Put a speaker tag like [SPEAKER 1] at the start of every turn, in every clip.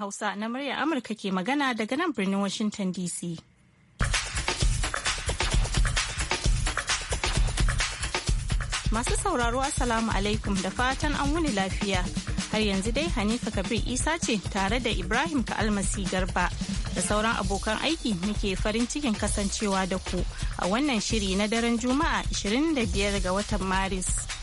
[SPEAKER 1] Hausa na murya Amurka ke magana daga nan birnin Washington DC. Masu sauraro Assalamu alaikum da fatan an wuni lafiya. Har yanzu dai Hanifa Kabir Isa ce tare da Ibrahim ka almasi Garba da sauran abokan aiki muke farin cikin kasancewa da ku a wannan shiri na daren Juma'a 25 ga watan Maris.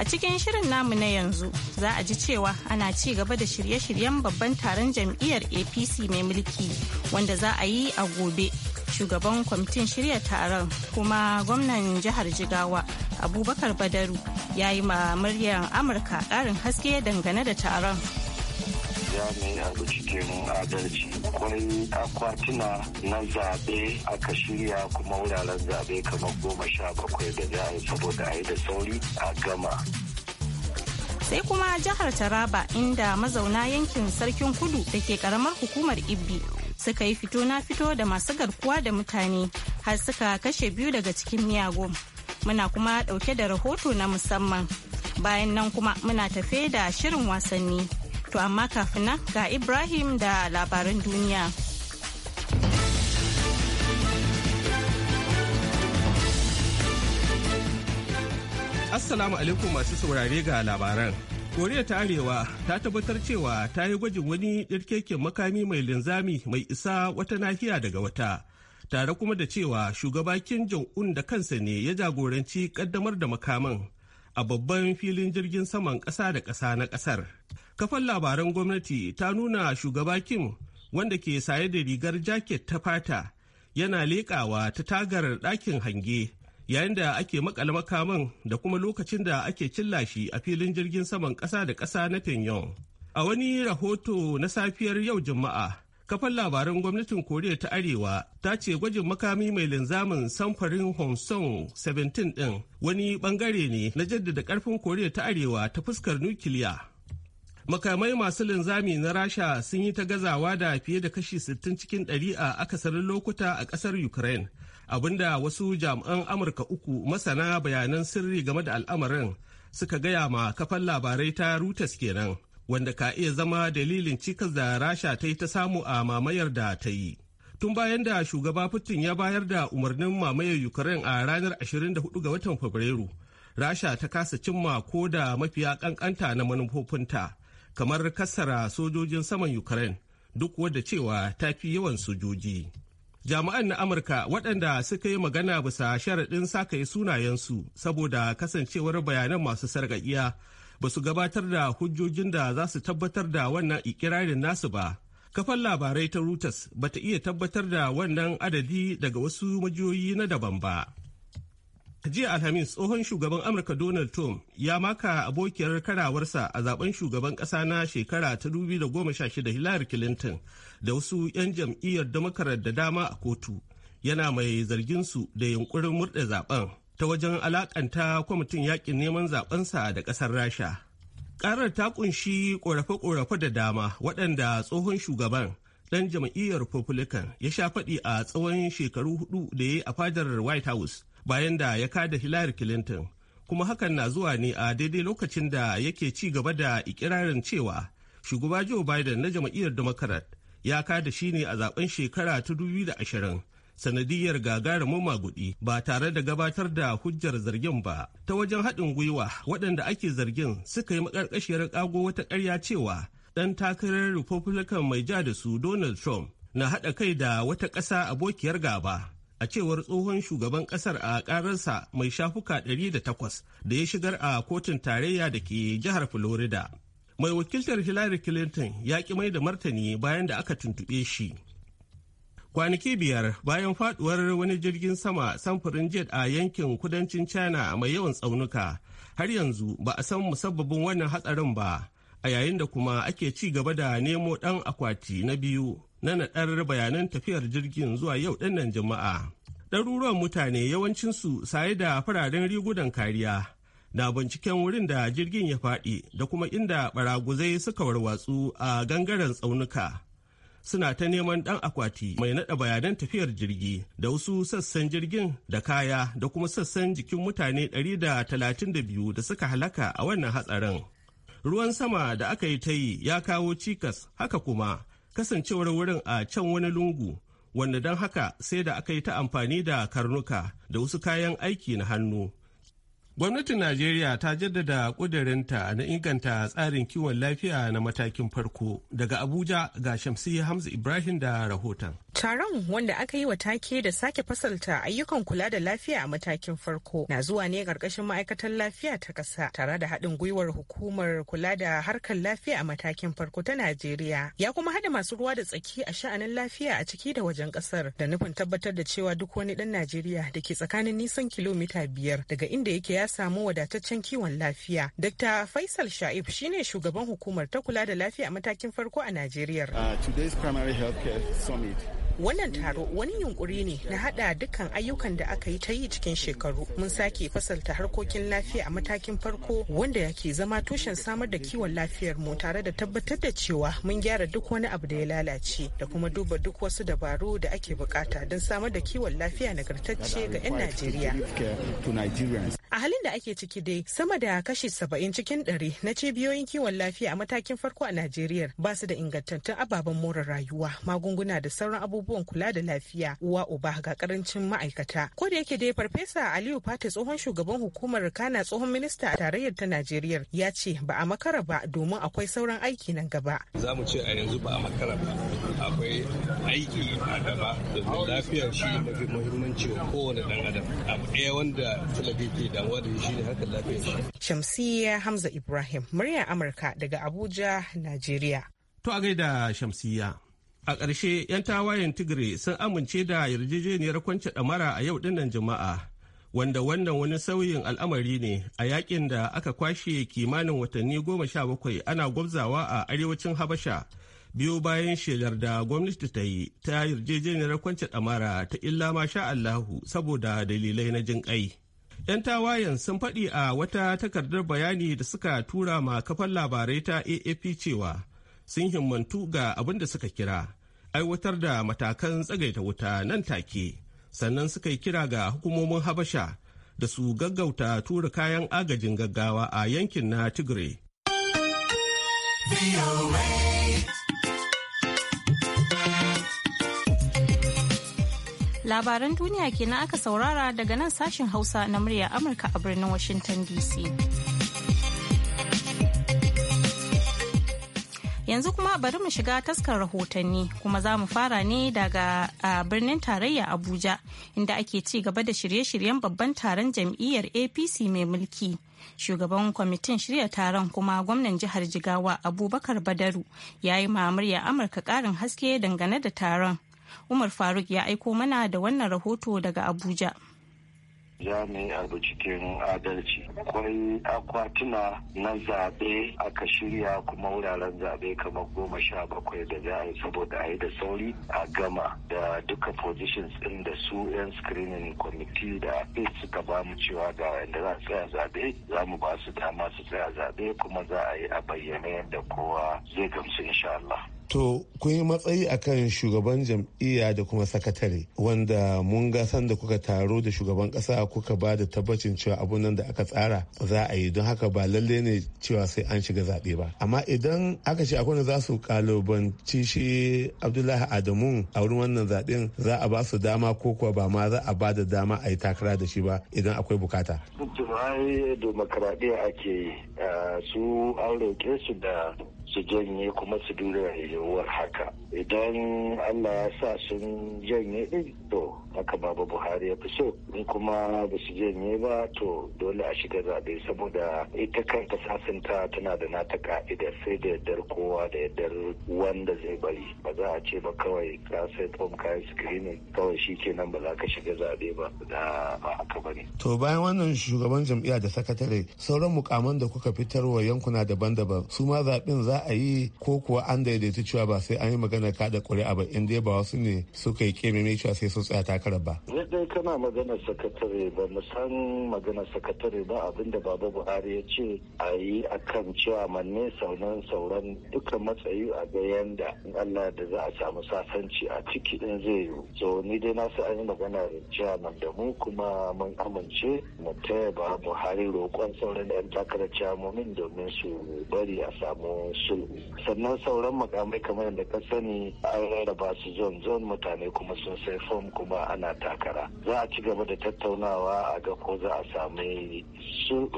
[SPEAKER 1] A cikin shirin namu na yanzu za a ji cewa ana ci gaba da shirye-shiryen babban taron jam'iyyar APC mai mulki wanda za a yi a gobe. Shugaban kwamitin shirya taron kuma gwamnan jihar Jigawa Abubakar Badaru ya yi ma muryar Amurka ƙarin haske dangane da taron.
[SPEAKER 2] jami'a abu cikin adalci akwai akwatuna na zaɓe aka shirya kuma wuraren zaɓe kamar goma sha bakwai da za saboda a yi da sauri a gama
[SPEAKER 1] sai kuma jihar taraba inda mazauna yankin sarkin kudu da ke karamar hukumar ibbi suka yi fito na fito da masu garkuwa da mutane har suka kashe biyu daga cikin miyagun muna kuma dauke da rahoto na musamman bayan nan kuma muna tafe da shirin wasanni To amma kafin nan ga Ibrahim da labaran duniya.
[SPEAKER 3] Assalamu alaikum masu saurare ga labaran. Koriya ta Arewa ta tabbatar cewa ta yi gwajin wani ɗirkeken makami mai linzami mai isa wata nahiya daga wata. Tare kuma da cewa shugaba Kim Jong-un da kansa ne ya jagoranci ƙaddamar da makaman a babban filin jirgin saman ƙasa da ƙasa na ƙasar. kafan labaran gwamnati ta nuna shugaba kim wanda ke saye da rigar jaket ta fata yana leƙawa ta tagar ɗakin hange yayin da ake makale makaman da kuma lokacin da ake cilla shi a filin jirgin saman ƙasa da ƙasa na Pyongyang. A wani rahoto na safiyar yau Juma'a, kafar labaran gwamnatin Koriya ta Arewa ta ce gwajin makami mai linzamin samfarin song 17 ɗin wani bangare ne na jaddada ƙarfin Koriya ta Arewa ta fuskar nukiliya. makamai masu linzami na rasha sun yi ta gazawa da fiye da kashi 60 cikin 100 a akasarin lokuta a kasar ukraine abinda wasu jami'an amurka uku masana bayanan sirri game da al'amarin suka gaya ma kafan labarai ta reuters kenan wanda ka iya zama dalilin cikas da rasha ta yi ta samu a mamayar da ta yi tun bayan da shugaba putin ya bayar da umarnin mamayar ukraine a ranar 24 ga watan fabrairu rasha ta kasa cimma ko da mafiya kankanta na manufofinta kamar kasara sojojin saman ukraine duk wadda cewa ta fi yawan sojoji jami'an na amurka waɗanda suka yi magana bisa sharaɗin sakaye sunayensu saboda kasancewar bayanan masu sarƙaƙiya ba su gabatar da hujjojin da za su tabbatar da wannan ikirarin nasu ba kafan labarai ta reuters ba ta iya tabbatar da wannan adadi daga wasu majiyoyi na daban ba jiya alhamis tsohon shugaban amurka donald trump ya maka abokiyar karawarsa a zaben shugaban kasa na shekara ta 2016 hillary clinton da wasu 'yan jam'iyyar damakarar da dama a kotu yana mai zargin su da yunkurin murda zaben ta wajen alakanta kwamitin yakin neman zabensa da kasar rasha karar ta kunshi korafe-korafe da dama waɗanda tsohon shugaban ɗan jam'iyyar republican ya sha faɗi a tsawon shekaru hudu da ya yi a fadar white house bayan da ya kada Hillary Clinton kuma hakan na zuwa ne a daidai lokacin da yake ci gaba da ikirarin cewa shugaba Joe Biden na jam'iyyar Democrat ya kada shi ne a zaben shekara ta ashirin sanadiyar gagarumin maguɗi ba tare da gabatar da hujjar zargin ba ta wajen haɗin gwiwa waɗanda ake zargin suka yi makarkashiyar kago wata ƙarya cewa ɗan takarar republican mai ja da su donald trump na haɗa kai da wata ƙasa abokiyar gaba a cewar tsohon shugaban kasar a ƙararsa mai shafuka 108 da ya shigar a kotun tarayya da ke jihar florida mai wakiltar hillary clinton ya ki mai da martani bayan da aka tuntuɓe shi kwanaki biyar bayan faduwar wani jirgin sama samfurin jet a yankin kudancin china mai yawan tsaunuka har yanzu ba a san musabbabin wannan hatsarin ba a yayin da kuma ake ci gaba da nemo ɗan akwati na biyu na naɗar bayanan tafiyar jirgin zuwa yau ɗannan jama'a. Ɗaruruwan mutane yawancinsu saye da fararen rigudan kariya na binciken wurin da jirgin ya faɗi da kuma inda baraguzai suka warwatsu a gangaren tsaunuka. Suna ta neman ɗan akwati mai naɗa bayanan tafiyar jirgi da wasu sassan jirgin da kaya da kuma sassan jikin mutane 132 da suka halaka a wannan hatsarin. Ruwan sama da aka yi ta yi ya kawo cikas haka kuma kasancewar wurin a can wani lungu wanda don haka sai da aka yi ta amfani da karnuka da wasu kayan aiki na hannu Gwamnatin Najeriya ta jaddada ƙudurinta na inganta tsarin kiwon lafiya na matakin farko daga Abuja ga Shamsi Hamza Ibrahim da rahoton.
[SPEAKER 4] Taron wanda aka yi wa take da sake fasalta ayyukan kula da lafiya a matakin farko na zuwa ne ƙarƙashin ma'aikatar lafiya ta ƙasa tare da haɗin gwiwar hukumar kula da harkar lafiya a matakin farko ta Najeriya. Ya kuma haɗa masu ruwa da tsaki a sha'anin lafiya a ciki da wajen ƙasar da nufin tabbatar da cewa duk wani ɗan Najeriya da ke tsakanin nisan kilomita biyar daga inda yake ya samu wadataccen kiwon lafiya. Dr. Faisal Sha'ib shine shugaban hukumar ta kula da lafiya a matakin farko a Najeriya. Uh, today's primary healthcare summit wannan taro wani yunkuri ne na hada dukkan ayyukan da aka yi ta yi cikin shekaru mun sake fasalta harkokin lafiya a matakin farko wanda yake zama tushen samar da kiwon lafiyar mu tare da tabbatar da cewa mun gyara duk wani abu da ya lalace da kuma duba duk wasu dabaru da ake bukata don samar da kiwon lafiya nagartacce ga 'yan najeriya a halin da ake ciki dai sama da kashi saba'in cikin ɗari na cibiyoyin kiwon lafiya a matakin farko a najeriya ba su da ingantattun ababen more rayuwa magunguna da sauran abubuwa abubuwan kula da lafiya uwa uba ga karancin ma'aikata ko da yake dai farfesa aliyu fati tsohon shugaban hukumar kana tsohon minista a tarayyar ta najeriya ya ce ba a makara ba domin akwai sauran aiki nan gaba
[SPEAKER 5] za mu ce a yanzu ba a makara ba akwai aiki a
[SPEAKER 3] gaba domin lafiya shi mafi muhimmanci wa kowane dan adam abu ɗaya wanda talabi ke damuwa da shi ne haka lafiya. shi
[SPEAKER 4] shamsiyya hamza ibrahim murya amurka daga abuja najeriya
[SPEAKER 3] to a gaida shamsiyya a ƙarshe 'yan tawayen tigre sun amince da yarjejeniyar kwance ɗamara a yau dinnan jama'a wanda wannan wani sauyin al'amari ne a yakin da aka kwashe kimanin watanni goma sha bakwai ana gwabzawa a arewacin habasha biyu bayan shelar da gwamnati ta yi ta yarjejeniyar kwance ɗamara ta illa masha allahu saboda dalilai na jin ƙai 'yan tawayen sun faɗi a wata takardar bayani da suka tura ma kafan labarai ta AAP cewa sun himmantu ga abin da suka kira aiwatar da matakan tsagaita wuta nan take sannan suka yi kira ga hukumomin habasha da su gaggauta tura kayan agajin gaggawa a yankin na tigray
[SPEAKER 1] labaran duniya kenan aka saurara daga nan sashen hausa na murya amurka a birnin washington dc Yanzu kuma bari mu shiga taskar rahotanni kuma za mu fara ne daga birnin tarayya Abuja inda ake ci gaba da shirye-shiryen babban taron jam'iyyar APC mai mulki. Shugaban kwamitin shirya taron kuma gwamnan jihar Jigawa Abubakar Badaru ya yi mamurya Amurka karin haske dangane da taron. Umar Faruk ya aiko mana da wannan rahoto daga Abuja.
[SPEAKER 2] za mu yi abu cikin adalci akwai akwatuna na zaɓe aka shirya kuma wuraren zaɓe kamar goma sha bakwai da za a yi saboda a yi da sauri a gama da duka positions ɗin da su 'yan screening committee da apis suka ba mu cewa ga yadda za a tsaya zaɓe za mu ba su dama su tsaya zaɓe kuma za a yi a bayyane yadda kowa zai gamsu insha Allah.
[SPEAKER 6] To kun yi matsayi a kan shugaban jam'iyya da kuma sakatare wanda mun ga sanda kuka taro da shugaban kasa kuka ba da tabbacin cewa abun nan da aka tsara za a yi don haka ba lalle ne cewa sai an shiga zaɓe ba. Amma idan aka ce akwai za su kalubanci shi Abdullahi Adamu a wurin wannan zaɓen za a ba su dama ko kuwa ba ma za a ba da dama a yi takara da shi ba idan akwai bukata.
[SPEAKER 2] Ai eh, ake eh, su an roƙe su da su janye kuma su dura yiwuwar haka idan allah ya sa sun janye din to haka baba buhari ya fi so in kuma ba su janye ba to dole a shiga zaɓe saboda ita kanta sasinta tana da nata ka'idar sai da yardar kowa da yardar wanda zai bari ba za a ce ba kawai ka sai tom kayan sikirini kawai shi kenan ba za ka shiga zaɓe ba da ba haka ba
[SPEAKER 6] ne. to bayan wannan shugaban jam'iyya da sakatare sauran mukaman da kuka fitarwa yankuna daban-daban su ma zaɓen za a yi ko kuwa an daidaita cewa ba sai an yi magana kada ƙuri'a ba in dai ba wasu ne suka yi kememe cewa sai sun tsaya takarar ba.
[SPEAKER 2] dai kana magana sakatare ba mu san magana sakatare ba abinda baba buhari ya ce a yi akan cewa manne sauran sauran duka matsayi a ga yanda allah da za a samu sasanci a ciki din zai yiwu so ni dai na sa an yi magana da cewa nan da mu kuma mun amince mu taya ba buhari roƙon sauran 'yan takarar ciyamomin domin su bari a samu su sannan sauran makamai kamar yadda ka sani an rarraba su zon zon mutane kuma sun sai fom kuma ana takara za a ci gaba da tattaunawa a ga ko za a sami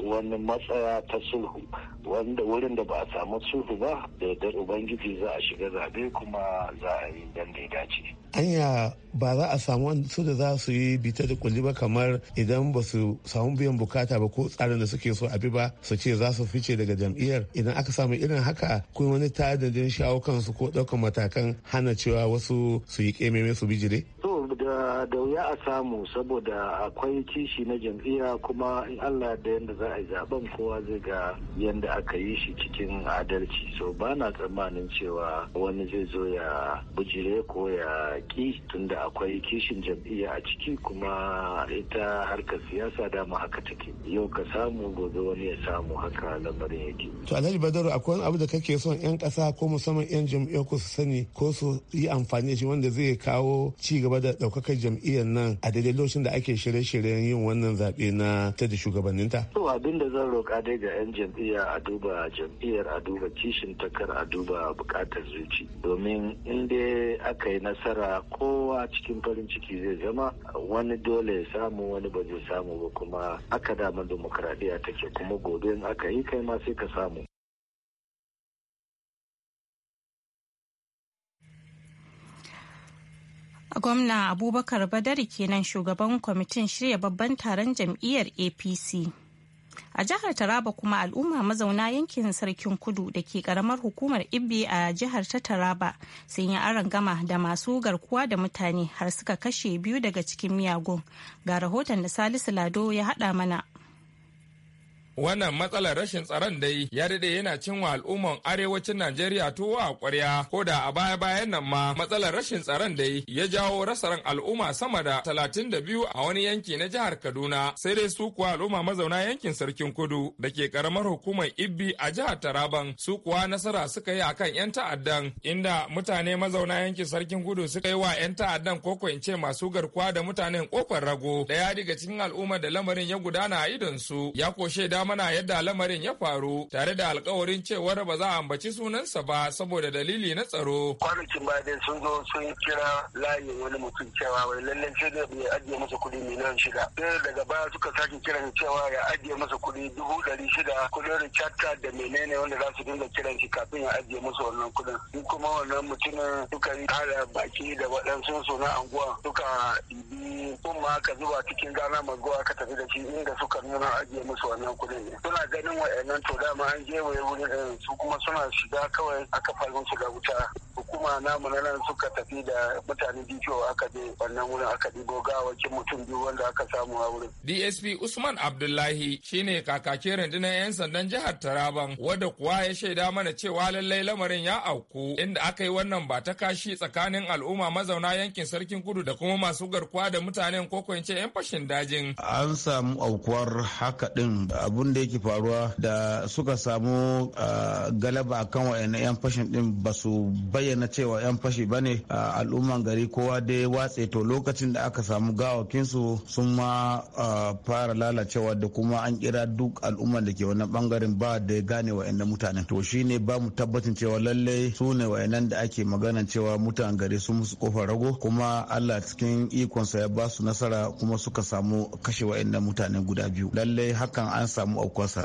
[SPEAKER 2] wani matsaya ta sulhu wanda wurin da ba a samu sulhu ba da yardar ubangiji za a shiga zabe kuma za a yi dan da ya dace
[SPEAKER 6] anya ba za a samu su da za su yi bita da kulli ba kamar idan ba su samu biyan bukata ba ko tsarin da suke so a bi ba su ce za su fice daga jam'iyyar idan aka samu irin haka kuma wani tadadin shawo kansu ko ɗaukan matakan hana cewa wasu su yi kememe su bijire
[SPEAKER 2] to da da wuya a samu saboda akwai kishi na jam'iyya kuma in Allah da yanda za a yi zaben kowa zai ga yanda aka yi shi cikin adalci so ba na tsammanin cewa wani zai zo ya bujire ko ya ki tunda akwai kishin jam'iyya a ciki kuma ita harkar siyasa dama haka take yau ka samu gobe wani ya samu haka lamarin yake
[SPEAKER 6] to alhaji badaru akwai wani abu da kake son yan kasa ko musamman yan jam'iyya ku su sani ko su yi amfani da shi wanda zai kawo ci gaba da ɗaukakar jam'iyyar nan a daidai lokacin da ake shirye-shiryen yin wannan zaɓe na ta da shugabanninta?
[SPEAKER 2] To abin da zan roƙa dai ga 'yan jam'iyya a duba jam'iyyar a duba kishin takar a duba buƙatar zuci. Domin in dai aka yi nasara kowa cikin farin ciki zai zama wani dole ya samu wani ba zai samu ba kuma aka damar dimokuraɗiyya take kuma gobe in aka yi kai ma sai ka samu.
[SPEAKER 1] gwamna abubakar badari kenan shugaban kwamitin shirya babban taron jam'iyyar apc a jihar taraba kuma al'umma mazauna yankin sarkin kudu da ke karamar hukumar Ibi a jihar ta taraba sun yi aron gama da masu garkuwa da mutane har suka kashe biyu daga cikin miyagun ga rahoton da salisu lado ya hada mana
[SPEAKER 5] Wannan matsalar rashin tsaron dai ya daɗe yana cinwa al'umman arewacin Najeriya tuwo a ƙwarya ko da a baya-bayan nan ma matsalar rashin tsaron dai ya jawo rasaran al'umma sama da talatin da biyu a wani yanki na jihar Kaduna sai dai su kuwa al'umma mazauna yankin Sarkin Kudu da ke karamar hukumar Ibbi a jihar Taraban su kuwa nasara suka yi akan 'yan ta'addan inda mutane mazauna yankin Sarkin Kudu suka yi wa 'yan ta'addan ko in ce masu garkuwa da mutanen kofar rago ya daga cikin al'umma da lamarin ya gudana a idon su ya koshe da mana yadda lamarin ya faru tare da alkawarin cewar ba za a ambaci sunansa ba saboda dalili na tsaro.
[SPEAKER 7] Kwanakin bayan sun zo sun kira layin wani mutum cewa wai lallai sai da ya ajiye masa kuɗi miliyan shida. Sai daga baya suka sake kiran cewa ya ajiye masa kuɗi dubu ɗari shida kuɗin ricatta da menene wanda za su dinga kiran shi kafin ya ajiye masa wannan kuɗin. in kuma wannan mutumin suka yi kara baki da waɗansu su na anguwa suka ɗibi kuma aka zuba cikin gana magowa aka tafi da shi inda suka nuna ajiye musu wannan kuɗin. suna ganin wa'annan to dama an je waye wurin eh, su kuma suna shiga kawai aka farin shiga wuta hukuma namu na nan suka tafi da mutane DPO aka je wannan wurin aka dibo gawakin mutum biyu wanda aka samu a wurin.
[SPEAKER 5] DSP Usman Abdullahi shine kakakin rundunar 'yan sandan jihar Taraban wadda kuwa ya shaida mana cewa lallai lamarin ya auku inda aka yi wannan ba ta kashi tsakanin al'umma mazauna yankin sarkin kudu da kuma masu garkuwa da mutanen ko 'yan fashin dajin.
[SPEAKER 7] An samu aukuwar haka din abu abun da yake faruwa da suka samu galaba kan wayannan 'yan fashin din ba su bayyana cewa 'yan fashi ba ne al'umman gari kowa dai watse to lokacin da aka samu gawakinsu sun ma fara lalacewa da kuma an kira duk al'umman da ke wannan bangaren ba da gane wayannan mutane to shine ba mu tabbacin cewa lallai su ne wayannan da ake magana cewa mutanen gari sun musu kofar rago kuma Allah cikin ikonsa ya ba su nasara kuma suka samu kashe wayannan mutane guda biyu lallai
[SPEAKER 6] hakan an samu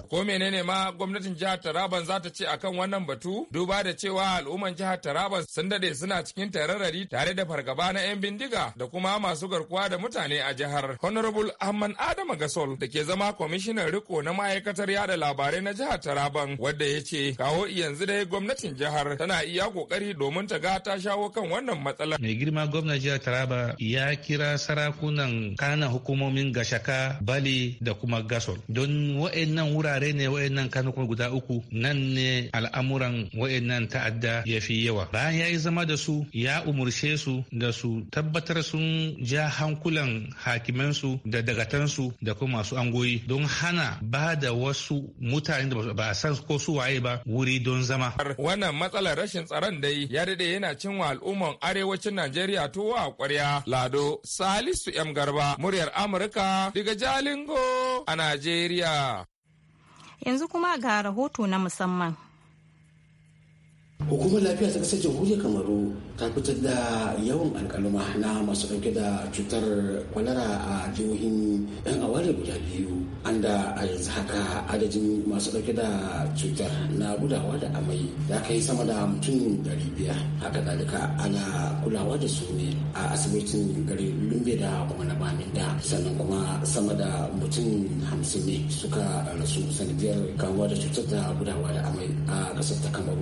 [SPEAKER 5] Ko menene ma gwamnatin jihar Taraban za ta ce akan wannan batu? Duba da cewa al'umman jihar Taraban sun dade suna cikin tararrari tare da fargaba na 'yan bindiga da kuma masu garkuwa da mutane a jihar. Honorable Ahmad Adama Gasol da ke zama kwamishinan riko na ma'aikatar yada labarai na jihar Taraban wadda ya ce kawo yanzu dai gwamnatin jihar tana iya kokari domin ta ga ta shawo kan wannan matsala. Mai
[SPEAKER 3] girma gwamnatin jihar Taraba ya kira sarakunan kana hukumomin gashaka Bali da kuma Gasol don wa'annan wurare ne wa'annan kanukun guda uku nan ne al'amuran wa'annan ta'adda ya fi yawa bayan ya yi zama da su ya umurce su da su tabbatar sun ja hankulan hakimansu da dagatansu da kuma masu angoyi don hana ba da wasu mutane da ba a san ko su waye ba wuri don zama wannan
[SPEAKER 5] matsalar rashin tsaron dai ya dade yana cinwa al'umman arewacin najeriya tuwo a kwarya lado salisu M garba muryar amurka daga jalingo a najeriya
[SPEAKER 1] Yanzu kuma ga rahoto na musamman.
[SPEAKER 8] hukumar lafiya ta kasar jamhuriyar kamaru ta fitar da yawan alkaluma na masu dauke da cutar kwalara a jihohin yan awari guda biyu an da a yanzu haka adadin masu dauke da cutar na gudawa da amai ya kai sama da mutum dari biyar haka dalika ana kulawa da su ne a asibitin gari lumbe da kuma na baminda sannan kuma sama da mutum hamsin ne suka rasu sanadiyar kamuwa da cutar da gudawa da amai a kasar ta kamaru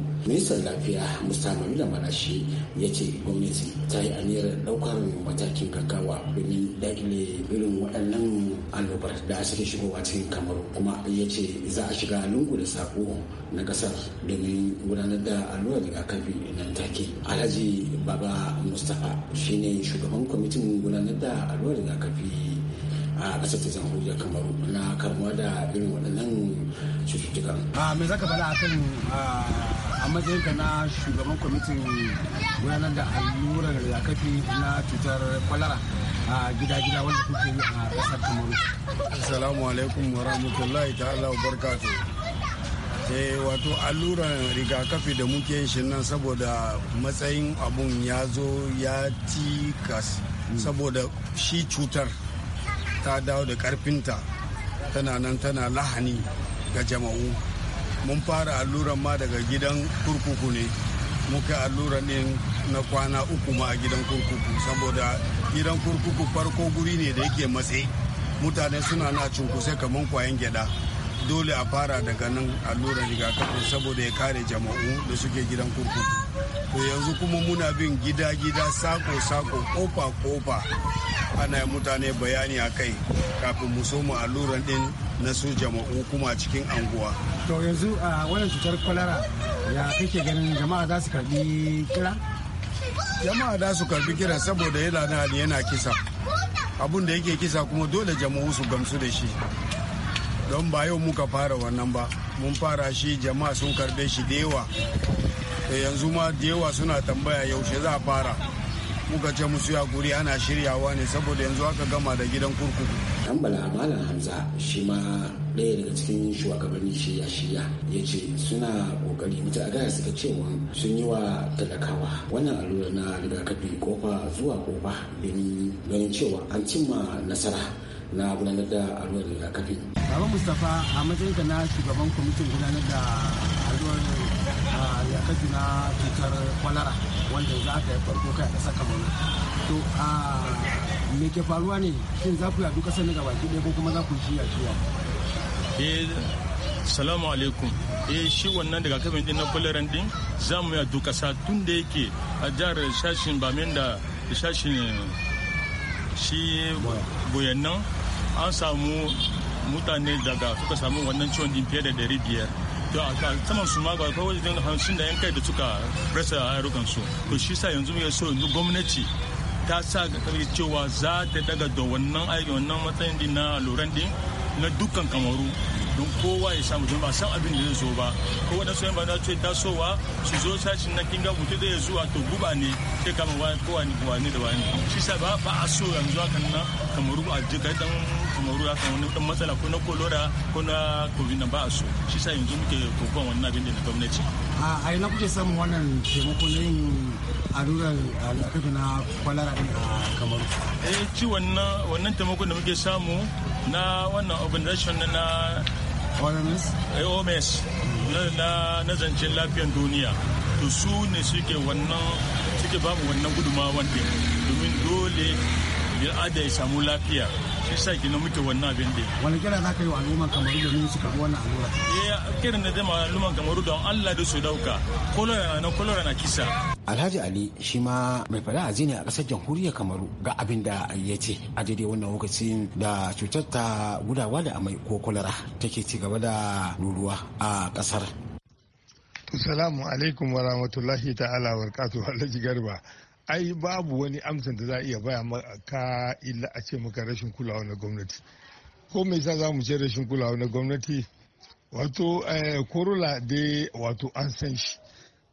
[SPEAKER 8] lafiya musamman da marashi ya ce gwamnati ta yi aniyar daukar matakin gaggawa domin dakile irin waɗannan annobar da suke shigowa cikin kamar kuma ya ce za a shiga lungu da sako na ƙasar domin gudanar da allurar rigakafi nan take alhaji baba mustapha shine shugaban kwamitin gudanar da allurar rigakafi a ƙasar ta jamhuriyar kamaru na kamuwa da irin waɗannan cututtukan. Ah, me zaka faɗa kan ah, a ka na shugaban kwamitin gudanar da allurar rigakafi na cutar
[SPEAKER 7] kwalara a gida-gida wanda
[SPEAKER 8] kuke yi a
[SPEAKER 7] kasar kamaru
[SPEAKER 8] assalamu
[SPEAKER 7] alaikum wa rahmatullahi ta'ala wa barkatu eh wato alluran rigakafi da muke shi nan saboda matsayin abun ya zo ya ti kas hmm. saboda shi cutar ta dawo da karfinta tana nan tana lahani ga jama'u mun fara alluran ma daga gidan kurkuku ne muka alluran ɗin na kwana uku ma a gidan kurkuku saboda gidan kurkuku farko guri ne da yake matse mutane suna na cunkuse kamar kwayan gyada dole a fara daga nan allurar rigakafin saboda ya kare jama'u da suke gidan kurkuku to yanzu kuma muna bin gida-gida sako-sako kofa-kofa ana mutane bayani a kai kafin mu so mu alluran din na su jama'u kuma cikin anguwa
[SPEAKER 8] to yanzu a wannan cutar kwalara ya kake ganin jama'a za su karbi kira jama'a za su karbi
[SPEAKER 7] kira saboda yana yana kisa abun da yake kisa kuma dole jama'u su gamsu da shi don ba yau muka fara wannan ba mun fara shi jama'a sun karbe shi da yawa da eh, yanzu ma da yawa suna tambaya yaushe za a fara muka ce musu ya guri ana
[SPEAKER 8] shiryawa ne saboda yanzu aka gama da gidan kurkuku dan bala malam hamza shi ma ɗaya daga cikin shugabanni ya shiya ya ce suna kokari mutu a gaya suka cewa sun yi wa talakawa wannan allura na rigakafi kofa zuwa kofa domin ganin cewa an cimma nasara na gudanar da allurar rigakafi. Baba Mustapha a matsayinka na shugaban kwamitin gudanar da allurar rigakafi na cutar kwalara wanda za ka yi farko kai a saka Kamaru. To a me ke faruwa ne shin za ku yadu kasar daga baki ɗaya ko kuma za ku a shiya?
[SPEAKER 9] Eh, salamu alaikum. eh shi wannan daga kafin din na kwalaran din za mu yadu kasa tun da yake a jihar shashin bamenda da shashin shi boyan nan an samu mutane daga suka samu wannan ciwon din fiye da ɗari biyar to a saman su ma ba kawai wajen hamsin da yan kai da suka rasa ayyukan su to shi sa yanzu ya so yanzu gwamnati ta sa ga cewa za ta daga da wannan aiki wannan matsayin din na loran din na dukkan kamaru don kowa ya samu don ba san abin da zai zo ba ko waɗansu yan bana ce tasowa su zo sashin na kinga mutu zai zuwa to guba ne sai kama wani wani da wani shi sa ba a so yanzu hakan na kamaru a jika dan kamaru kan wani dan matsala ko na kolora ko na covid ba a so shi sa yanzu muke kokon wannan abin da na gwamnati.
[SPEAKER 8] a na kuke samun wannan taimako na yin alurar rigakafi na kwalara a kamaru.
[SPEAKER 9] eh ci wannan taimako da muke samu na wannan organization na oms na zancen lafiyan duniya to su ne suke wannan suke bamu wannan gudumawan din domin dole bil'ada ya samu lafiya shi sa ke na muke wannan abin da
[SPEAKER 8] wani kira za ka yi wa al'umman kamaru
[SPEAKER 9] domin su karbi wannan allura eh kiran da zama al'umman kamaru don allah da su dauka kolora na kolora na kisa
[SPEAKER 8] alhaji ali shi ma mai fada aji ne a kasar jamhuriyar kamaru ga abin da ya ce a daidai wannan lokacin da cutar ta gudawa da amai ko kolora take ci gaba da ruruwa a kasar
[SPEAKER 10] Assalamu alaikum wa rahmatullahi ta'ala wa Alhaji Garba. ai babu wani amsa da za a iya baya ma ka illa a ce maka rashin kulawa na gwamnati ko me yasa za mu ce rashin kulawa na gwamnati wato korola eh, dai wato an san shi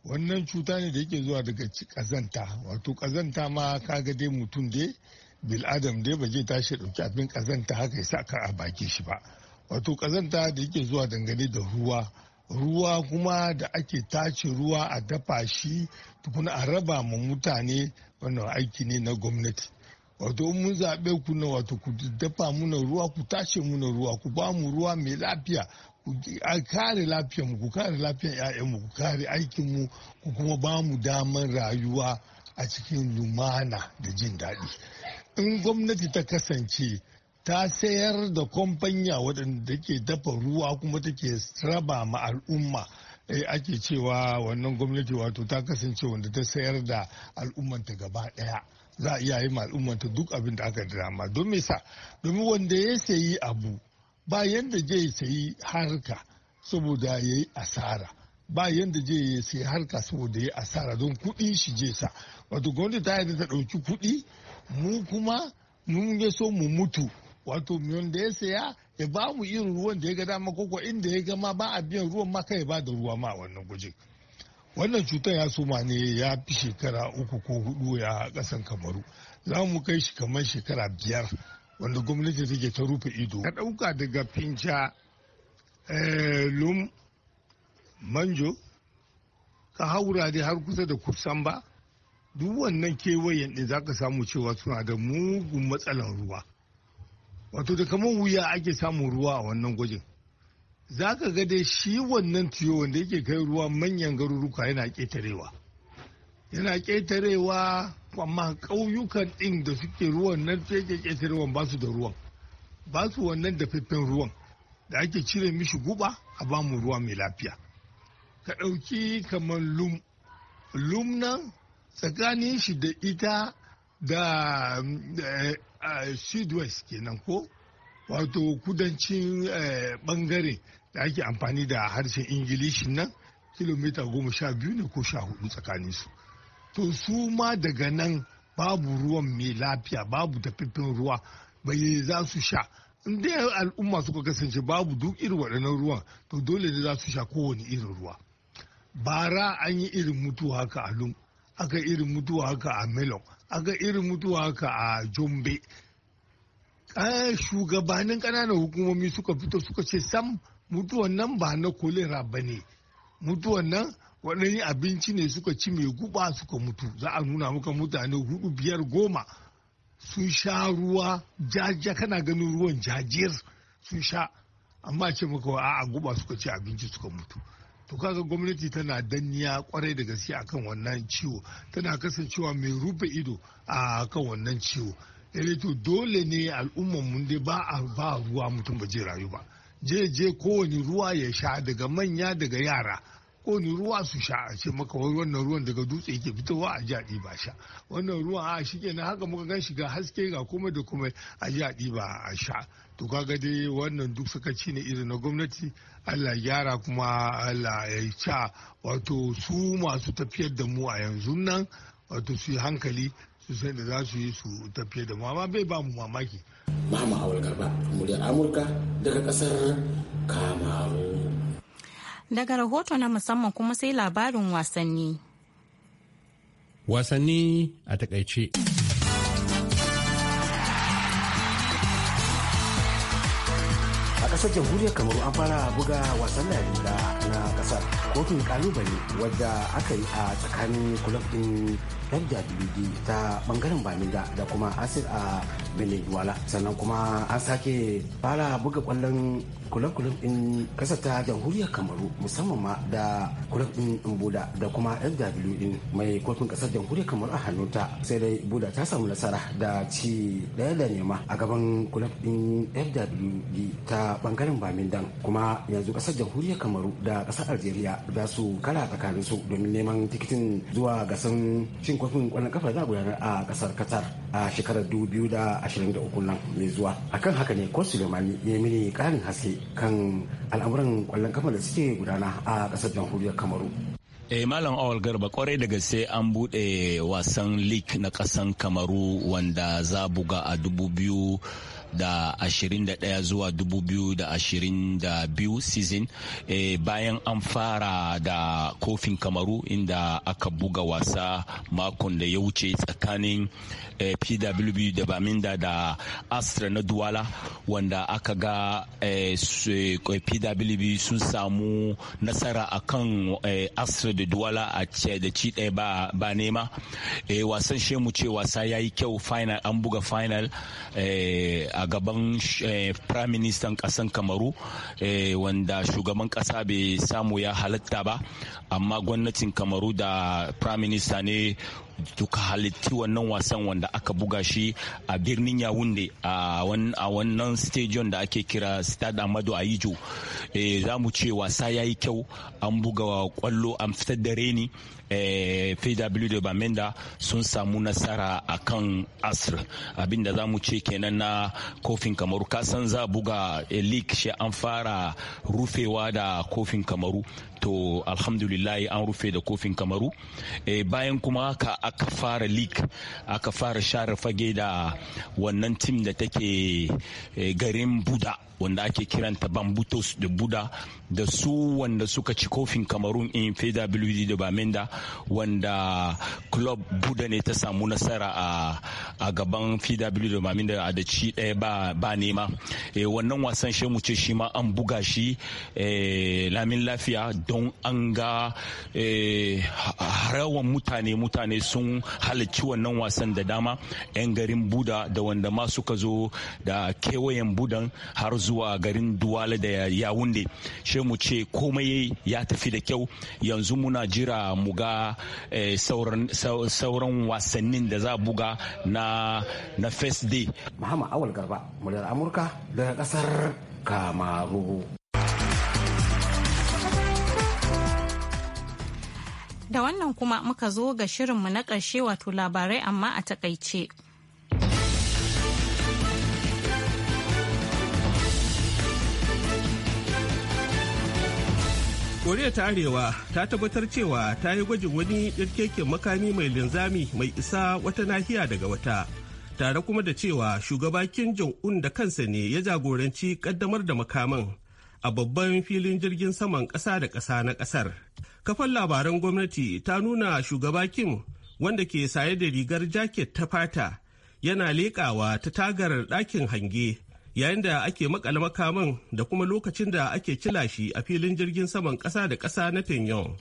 [SPEAKER 10] wannan cuta ne da yake zuwa daga kazanta wato kazanta ma kaga dai mutum dai bil'adam dai ba zai tashi dauki abin kazanta haka ya ka a baki shi ba wato kazanta da yake zuwa dangane da ruwa ruwa kuma da ake tace ruwa a dafa shi tukuna a raba ma mutane wannan aiki ne na gwamnati wato mun zaɓe ku na wato ku dafa muna ruwa ku tace muna ruwa ku ba mu ruwa mai lafiya ku kare lafiyar mu ku kare lafiyar mu ku kare aikin mu ku kuma ba mu damar rayuwa a cikin lumana da jin daɗi in gwamnati ta kasance ta sayar da kwamfanya waɗanda ke dafa ruwa kuma take raba ma al'umma eh, ake cewa wannan gwamnati wato ta kasance wanda ta sayar da al'ummanta gaba ɗaya za a iya yi ma al'ummanta duk abin da aka dama domin sa domin wanda ya sayi abu ba yanda zai sayi harka saboda ya yi asara ba yanda je ya sayi harka saboda ya yi asara don kuɗi shi je sa wato gwamnati ta yarda ta ɗauki kuɗi mu kuma mun ya so mu mutu wato miyon da ya saya ya ba mu irin ruwan da ya ga dama koko inda ya gama ba a biyan ruwan ma kai ba da ruwa ma wannan gujin wannan cutar ya soma ne ya fi shekara uku ko hudu ya kasan kamaru za mu kai shi kamar shekara biyar wanda gwamnati take ta rufe ido ka ɗauka daga finca eh, lum manjo ka haura dai har kusa da kusan ba duk wannan kewayen ɗin za ka samu cewa suna da mugun matsalar ruwa wato da kamar wuya ake samun ruwa a wannan gwajin za ka ga dai shi wannan tuyo wanda yake kai ruwa manyan garuruka yana ƙetarewa yana ƙetarewa amma ƙauyukan ɗin da suke ruwan nan sai ke ba su da ruwan ba su wannan dafaffen ruwan da ake cire mishi guba a ba mu ruwa mai lafiya ka ɗauki kamar lum lum nan tsakanin shi da ita da eh, sud-west kenan ko wato kudancin eh, bangare da ake amfani da harshen ingilishi nan kilomita goma sha biyu ne ko sha hudu tsakanin su to su ma daga nan babu ruwan mai lafiya babu dafaffen ruwa bai za su sha inda al'umma suka kasance babu duk irin waɗannan ruwan to dole ne za su sha kowane irin ruwa bara an yi irin mutuwa haka a lum aka irin mutuwa haka a melon A ga irin mutuwa haka a jombe shugabanin ƙananan hukumomi suka fito suka ce sam mutuwan nan ba na kolera ba ne mutuwan nan waɗannan abinci ne suka ci mai guba suka mutu za a nuna muka mutane hudu biyar goma sun sha ruwa jajiya kana ganin ruwan jajiyar sun sha amma ce maka a'a guba suka ci abinci suka mutu to kaga gwamnati tana danniya kwarai da gaske akan wannan ciwo tana kasancewa mai rufe ido a kan wannan ciwo eh, to dole ne al'ummar mun dai ba a ba ruwa mutum ba je rayu ba je je kowane ruwa ya sha daga manya daga yara ni ruwa su sha a ce maka wai wannan ruwan daga dutse yake fitowa a ji a ɗiba sha wannan ruwa a shi na haka muka gan shiga haske ga komai da kuma a ji a ɗiba a sha to kaga dai wannan duk sakaci ne irin na gwamnati allah gyara kuma allah ya ca wato su masu tafiyar da mu a yanzu nan wato su yi hankali su san da za su yi su tafiyar da mu amma bai ba mu mamaki. Mama Awal Garba, muryar Amurka daga kasar Kamaru.
[SPEAKER 1] Daga rahoto na musamman kuma sai labarin wasanni.
[SPEAKER 8] Wasanni a takaice. kasar jamhuriyar kamaru an fara buga wasan lariga na kasar kofin kalubale wadda aka yi a tsakanin kulab din fwd ta bangaren baniga da kuma asir a benedwala sannan kuma an sake fara buga kwallon kulab-kulab din kasar ta jamhuriyar kamaru musamman ma da kulab din buda da kuma fwd mai kofin kasar jamhuriyar kamaru a hannunta sai dai buda ta samu nasara da ci daya da nema a gaban kulab din fwd ta bangaren bamindan kuma yanzu kasar jamhuriyar kamaru da kasar algeria za su kara tsakanin su domin neman tikitin zuwa gasan cin kofin kwallon kafa za a a kasar qatar a shekarar 2023 nan mai zuwa akan haka ne ko sulemani ya mini karin haske kan al'amuran kwallon kafa da suke gudana a kasar jamhuriyar kamaru
[SPEAKER 11] Eh, Malam Awal Garba kwarai da gaske an bude wasan league na kasan Kamaru wanda za buga a dubu biyu da ashirin daya zuwa dubu biyu da biyu season e bayan an fara da kofin kamaru inda aka buga wasa makon da ya wuce tsakanin e, eh, pwb da baminda da astra na duwala wanda aka ga e, eh, pwb sun samu nasara akan kan astra da duwala a da ci ɗaya ba, ba nema e, wasan shemu ce wasa ya yi kyau final an buga final e a a gaban eh, prime minister kasan kamaru eh, wanda shugaban kasa bai samu ya halatta ba amma gwamnatin kamaru da prime minister ne duka halitti wannan wasan wanda aka buga shi a birnin yawunde a wannan stadion da ake kira stade amadu ayijo eh, za mu ce wasa ya yi kyau an buga kwallo an fitar da reni eh, pw da bamenda sun samu nasara a kan asr abinda za mu ce kenan na kofin kamaru kasan za buga eh, league shi an fara rufewa da kofin kamaru to alhamdulillah an rufe da kofin kamaru e, bayan kuma haka aka fara league aka fara share fage da wannan tim da take e garin buda wanda ake kiranta bambutos da buda da su wanda suka ci kofin kamarun in fwd da bamenda wanda club buda ne ta samu nasara a gaban fwd da bamenda a da ci ɗaya ba nema eh, wannan wasan shi mu ce shi ma an buga shi eh, lamin lafiya don an ga harawan eh, mutane mutane sun halarci wannan wasan da dama 'yan garin buda da wanda ma suka zo da kewayen budan har zuwa zuwa garin duwala da yawunde shi mu ce komai ya tafi da kyau yanzu muna jira mu ga eh, sauran wasannin da za buga na na first day muhammad awal garba muryar amurka daga kasar kamaru
[SPEAKER 1] da wannan kuma muka zo ga shirinmu na ƙarshe wato labarai amma a takaice.
[SPEAKER 3] koriya ta arewa ta tabbatar cewa ta yi gwajin wani yarkeken makami mai linzami mai isa wata nahiya daga wata tare kuma da cewa shugaba kim jong-un da kansa ne ya jagoranci kaddamar da makaman a babban filin jirgin saman ƙasa da ƙasa na ƙasar kafan labaran gwamnati ta nuna shugaba kim wanda ke saye da rigar jaket ta fata yana leƙawa ta tagar ɗakin hange yayin da ake makale makaman da kuma lokacin da ake kila shi a filin jirgin saman kasa da kasa na Pyongyang.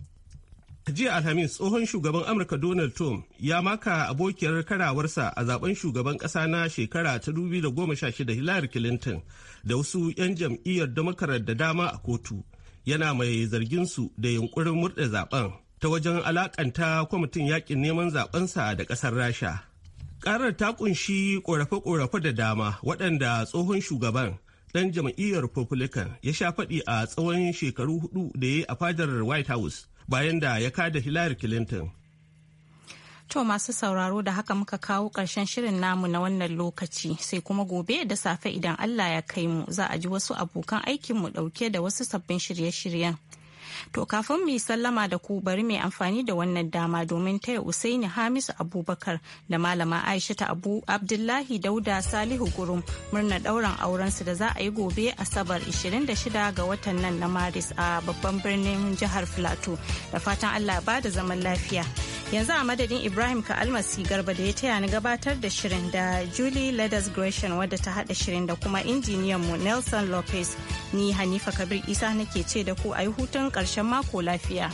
[SPEAKER 3] jiya alhamis tsohon shugaban amurka donald trump ya maka abokiyar karawarsa a zaben shugaban kasa na shekara ta 2016 hillary clinton da wasu 'yan jam'iyyar damakarar da dama a kotu yana mai zargin su da yunkurin murɗe zaben ta wajen alakanta kwamitin yakin neman zabensa da ƙasar rasha Karar ta kunshi korafe-korafe da dama waɗanda tsohon shugaban ɗan jam'iyyar Republican ya sha faɗi a tsawon shekaru hudu da ya yi a fadar White House bayan da ya kada Hillary Clinton.
[SPEAKER 1] To masu sauraro da haka muka kawo ƙarshen shirin namu na wannan lokaci sai kuma gobe da safe idan Allah ya kai mu za a ji wasu abokan aikinmu ɗauke da wasu sabbin shirye-shiryen. To kafin mu sallama da ku bari mai amfani da wannan dama domin taya Usaini Hamisu Abubakar da malama Aisha ta Abu Abdullahi Dauda Salihu Gurum murna dauran su da za a yi gobe Asabar 26 ga watan nan na Maris a babban birnin jihar Filato da fatan Allah ba da zaman lafiya. Yanzu a madadin Ibrahim ka almasi Garba da ya taya ni gabatar da shirin da Julie Ladas Gresham wadda ta haɗa shirin da kuma injiniyan mu Nelson Lopez ni Hanifa Kabir Isa nake ce da ku a yi hutun ƙarshe ƙarshen mako lafiya.